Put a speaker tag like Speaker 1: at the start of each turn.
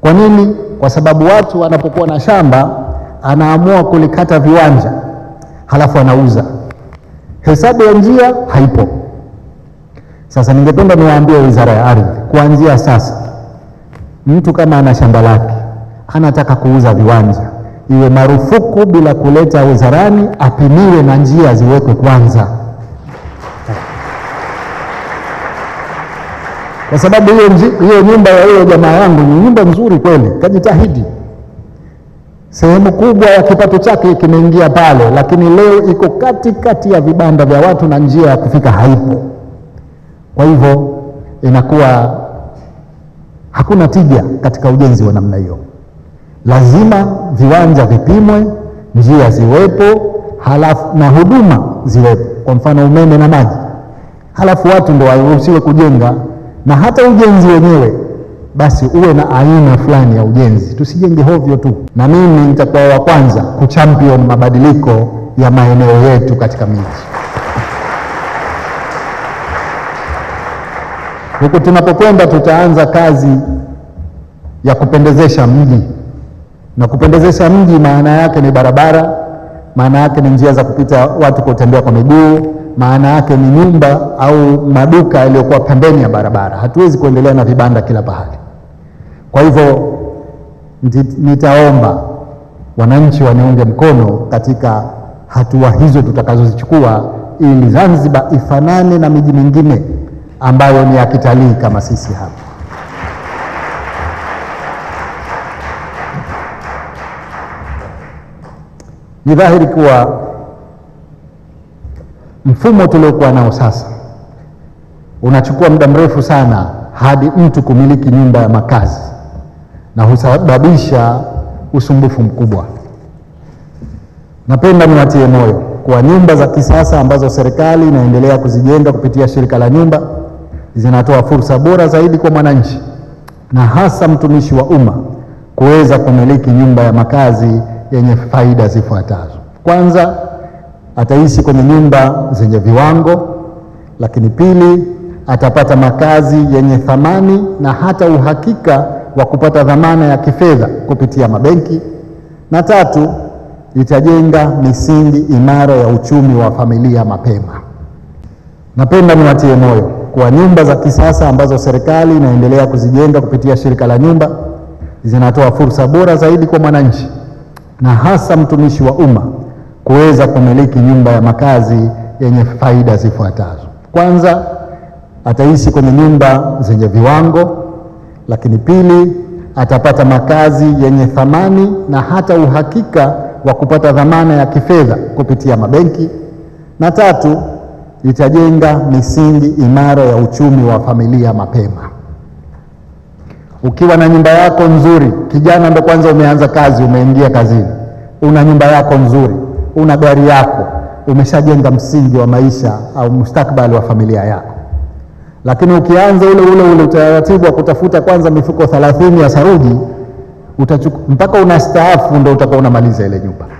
Speaker 1: Kwa nini? Kwa sababu watu anapokuwa na shamba anaamua kulikata viwanja, halafu anauza, hesabu ya njia haipo. Sasa ningependa niwaambie Wizara ya Ardhi, kuanzia sasa, mtu kama ana shamba lake anataka kuuza viwanja, iwe marufuku bila kuleta wizarani, apimiwe na njia ziwekwe kwanza, kwa sababu hiyo nyumba ya hiyo jamaa yangu ni nyumba nzuri kweli, kajitahidi sehemu kubwa ya kipato chake kimeingia pale, lakini leo iko katikati ya vibanda vya watu na njia ya kufika haipo. Kwa hivyo inakuwa hakuna tija katika ujenzi wa namna hiyo lazima viwanja vipimwe, njia ziwepo, halafu na huduma ziwepo, kwa mfano umeme na maji, halafu watu ndo waruhusiwe kujenga, na hata ujenzi wenyewe basi uwe na aina fulani ya ujenzi, tusijenge hovyo tu. Na mimi nitakuwa wa kwanza kuchampion mabadiliko ya maeneo yetu katika miji. Huku tunapokwenda tutaanza kazi ya kupendezesha mji na kupendezesha mji maana yake ni barabara, maana yake ni njia za kupita watu kutembea kwa miguu, maana yake ni nyumba au maduka yaliyokuwa pembeni ya barabara. Hatuwezi kuendelea na vibanda kila pahali. Kwa hivyo nitaomba wananchi waniunge mkono katika hatua hizo tutakazozichukua, ili Zanzibar ifanane na miji mingine ambayo ni ya kitalii kama sisi hapa. Ni dhahiri kuwa mfumo tuliokuwa nao sasa unachukua muda mrefu sana hadi mtu kumiliki nyumba ya makazi na husababisha usumbufu mkubwa. Napenda niwatie moyo kuwa nyumba za kisasa ambazo serikali inaendelea kuzijenga kupitia shirika la nyumba zinatoa fursa bora zaidi kwa mwananchi na hasa mtumishi wa umma kuweza kumiliki nyumba ya makazi yenye faida zifuatazo. Kwanza, ataishi kwenye nyumba zenye viwango, lakini pili, atapata makazi yenye thamani na hata uhakika wa kupata dhamana ya kifedha kupitia mabenki, na tatu, itajenga misingi imara ya uchumi wa familia mapema. Napenda niwatie moyo kuwa nyumba za kisasa ambazo serikali inaendelea kuzijenga kupitia shirika la nyumba zinatoa fursa bora zaidi kwa mwananchi na hasa mtumishi wa umma kuweza kumiliki nyumba ya makazi yenye faida zifuatazo. Kwanza, ataishi kwenye nyumba zenye viwango, lakini pili, atapata makazi yenye thamani na hata uhakika wa kupata dhamana ya kifedha kupitia mabenki, na tatu, itajenga misingi imara ya uchumi wa familia mapema. Ukiwa na nyumba yako nzuri, kijana ndo kwanza umeanza kazi, umeingia kazini, una nyumba yako nzuri, una gari yako, umeshajenga msingi wa maisha au mustakbali wa familia yako. Lakini ukianza ule ule ule utaratibu wa kutafuta kwanza mifuko thelathini ya saruji mpaka unastaafu ndo utakuwa unamaliza ile nyumba.